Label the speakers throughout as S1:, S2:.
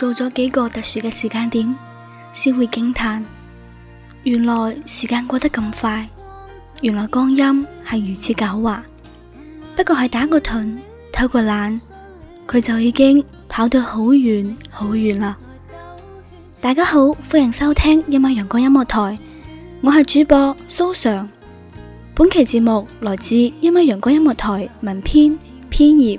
S1: 到咗幾個特殊嘅時間點，先會驚嘆，原來時間過得咁快，原來光陰係如此狡猾。不過係打個盹，偷個懶，佢就已經跑到好遠好遠啦。大家好，歡迎收聽一米陽光音樂台，我係主播蘇常。本期節目來自一米陽光音樂台文編編頁。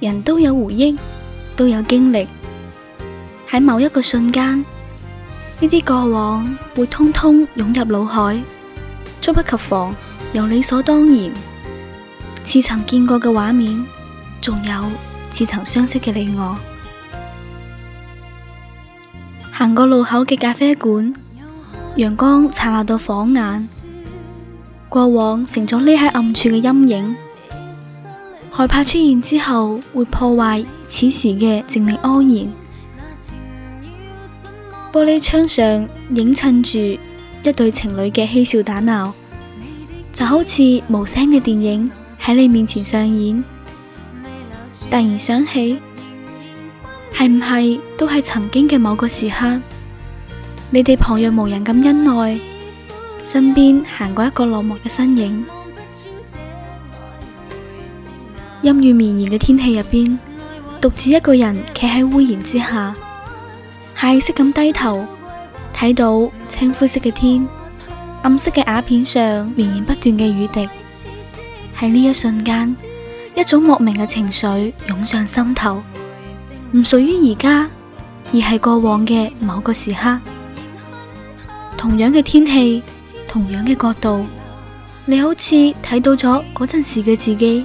S1: 人都有回憶，都有經歷。喺某一個瞬間，呢啲過往會通通湧入腦海，猝不及防又理所當然。似曾見過嘅畫面，仲有似曾相識嘅你我。行過路口嘅咖啡館，陽光燦爛到晃眼，過往成咗匿喺暗處嘅陰影。害怕出現之後會破壞此時嘅靜謐安然。玻璃窗上映襯住一對情侶嘅嬉笑打鬧，就好似無聲嘅電影喺你面前上演。突然想起，係唔係都係曾經嘅某個時刻，你哋旁若無人咁恩愛，身邊行過一個落寞嘅身影。陰雨綿延嘅天氣入邊，獨自一個人企喺屋檐之下，下意識咁低頭睇到青灰色嘅天，暗色嘅瓦片上綿延不斷嘅雨滴。喺呢一瞬間，一種莫名嘅情緒湧上心頭，唔屬於而家，而係過往嘅某個時刻。同樣嘅天氣，同樣嘅角度，你好似睇到咗嗰陣時嘅自己。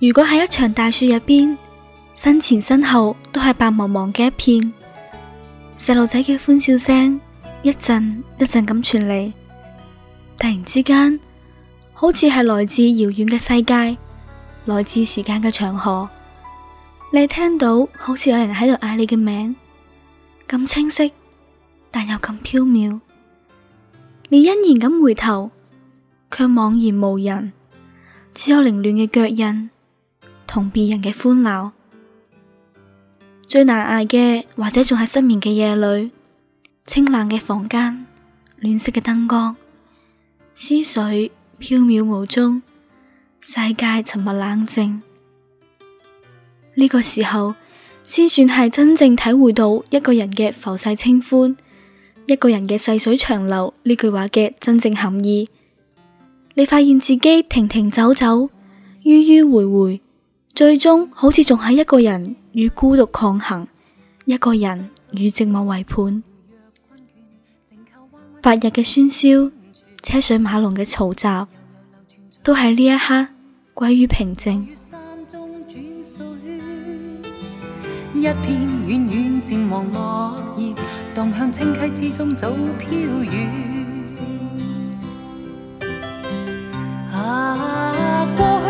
S1: 如果喺一場大雪入邊，身前身後都係白茫茫嘅一片，細路仔嘅歡笑聲一陣一陣咁傳嚟，突然之間好似係來自遙遠嘅世界，來自時間嘅長河。你聽到好似有人喺度嗌你嘅名，咁清晰，但又咁飄渺。你欣然咁回頭，卻茫然無人，只有凌亂嘅腳印。同別人嘅歡鬧最難挨嘅，或者仲係失眠嘅夜裏，清冷嘅房間，暖色嘅燈光，思緒飄渺無蹤，世界沉默冷靜。呢個時候先算係真正體會到一個人嘅浮世清歡，一個人嘅細水長流呢句話嘅真正含義。你發現自己停停走走，迂迂迴迴。最終，好似仲係一個人與孤獨抗衡，一個人與寂寞為伴。白日嘅喧囂，車水馬龍嘅嘈雜，都喺呢一刻歸於平靜。
S2: 一片遠遠漸黃落葉，蕩向清溪之中，早飄遠。啊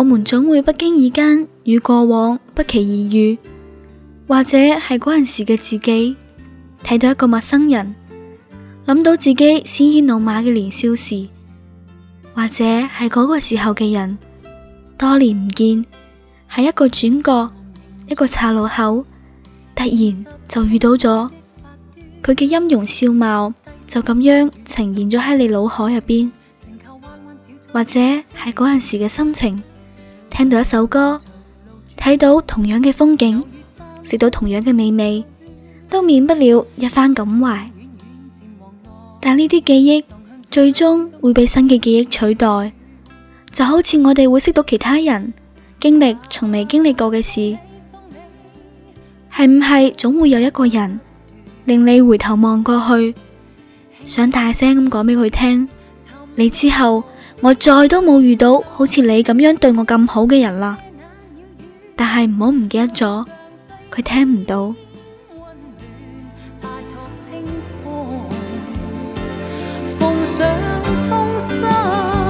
S1: 我們總會不經意間與過往不期而遇，或者係嗰陣時嘅自己睇到一個陌生人，諗到自己鮮衣怒馬嘅年少時，或者係嗰個時候嘅人，多年唔見，喺一個轉角、一個岔路口，突然就遇到咗佢嘅音容笑貌，就咁樣呈現咗喺你腦海入邊，或者係嗰陣時嘅心情。聽到一首歌，睇到同樣嘅風景，食到同樣嘅美味，都免不了一番感懷。但呢啲記憶最終會被新嘅記憶取代，就好似我哋會識到其他人，經歷從未經歷過嘅事，係唔係？總會有一個人令你回頭望過去，想大聲咁講俾佢聽，你之後，我再都冇遇到好似你咁樣對我咁好嘅人啦，但係唔好唔記得咗，佢聽唔到。